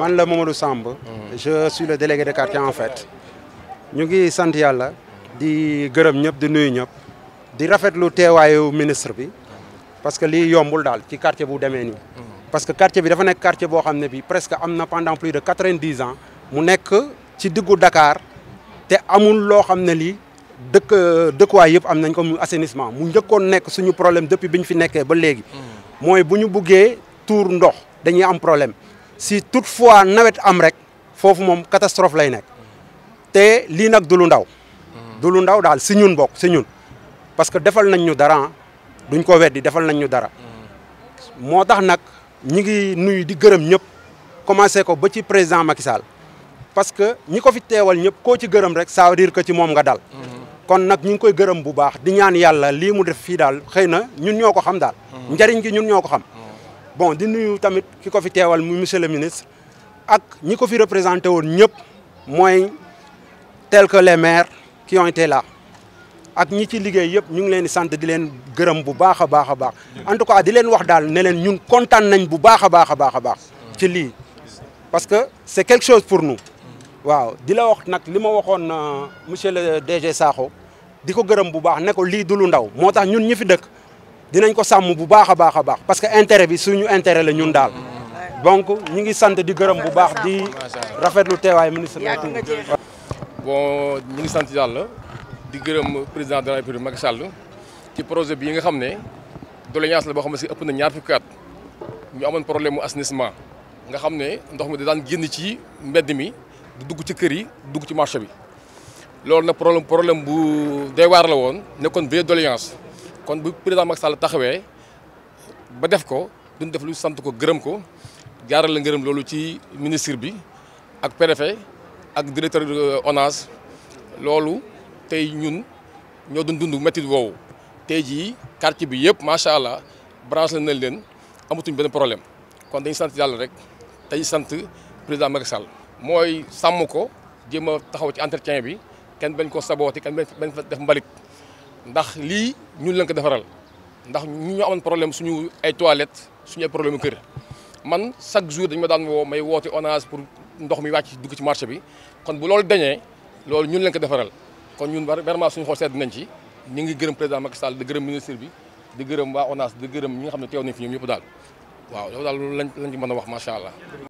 man la Mamadou Samb. je suis le délégué de quartier en fait. ñu ngi sant yàlla. di gërëm ñëpp di nuyu ñëpp. di rafetlu teewaayu ministre bi. parce que lii yombul daal ci quartier bu demee ni parce que quartier bi dafa nekk quartier boo xam ne bi presque am na pendant plus de quatre-vingt-dix ans. mu nekk ci diggu dakaar te amul loo xam ne lii dëkk dëkkuwaay yëpp am nañ ko mu assainissement mu njëkkoon nekk suñu problème depuis bi ñu fi nekkee ba léegi. Mm. mooy si toutefois nawet am rek foofu moom catastrophe lay nekk te lii nag du lu ndaw. du ndaw daal si ñun bokk si ñun parce que defal nañ ñu dara duñ ko di defal nañ ñu dara. moo tax nag ñi ngi nuyu di gërëm ñëpp commencé ko ba ci président Macky Sall parce que ñi ko fi teewal ñëpp koo ci gërëm rek ça veut dire ci moom nga dal. kon nag ñu ngi koy gërëm bu baax di ñaan yàlla lii mu def fii daal xëy na ñun ñoo ko xam daal. Hmm. njariñ gi ñun ñoo ko xam. bon di nuyu tamit ki ko fi teewal mu monsieur le ministre ak ñi ko fi représenté woon ñëpp mooy tel que maire maires qui ont ak ñi ci liggéey yëpp ñu ngi leen di sant di leen gërëm bu baax a baax a baax en tout cas di leen wax daal ne leen ñun kontaan nañ bu baax a baax a baax a baax ci lii parce que c'est quelque chose pour nu waaw di la wax nag li ma waxoon euh, monsieur le DG saako di ko gërëm bu baax ne ko lii du lu ndaw moo tax ñun ñi fi dëkk dinañ ko sàmm bu baax a baax a baax parce que intérêt bi suñu intérêt la ñun daal donc ñu ngi sant di gërëm bu baax di rafetlu teewaay ministre bon ñu ngi sant yàlla di gërëm président de la république Macky Sall ci projet bi yi nga xam ne doléance la boo xam ne si ëpp na ñaar fukki at ñu amoon problème mu assainissement nga xam ne ndox mi da daan génn ci mbedd mi di dugg ci kër yi dugg ci marché bi loolu nag problème problème bu doy waar la woon nekkoon vieille doléance kon bu président Macky Sall taxawee ba def ko duñ def lu sant ko gërëm ko jaarale ngërëm loolu ci ministre bi ak préfet ak directeur ONAS loolu tey ñun ñoo doon dund métti woowu tey jii quartier bi yëpp macha allah branche la nañ leen amatuñ benn problème kon dañ sant yàlla rek tey sant président Macky mooy sàmm ko jéem a taxaw ci entretien bi kenn bañ ko sabooti kenn bañ fa def mbalit. ndax lii ñun lañ ko defaral ndax ñu ñoo amoon problème suñu ay toilettes suñu ay problème kër man chaque jour dañ ma daan woo may woote onage pour ndox mi wàcc dugg ci marché bi kon bu loolu dañee loolu ñun lañ ko defaral kon ñun vraiment suñu xol sedd nañ ci ñu ngi gërëm président Macky Sall di gërëm ministre bi di gërëm waa ONAS di gërëm ñi nga xam ne teew nañ fi ñoom ñëpp daal waaw loolu daal lañ lañ ci mën a wax macha allah.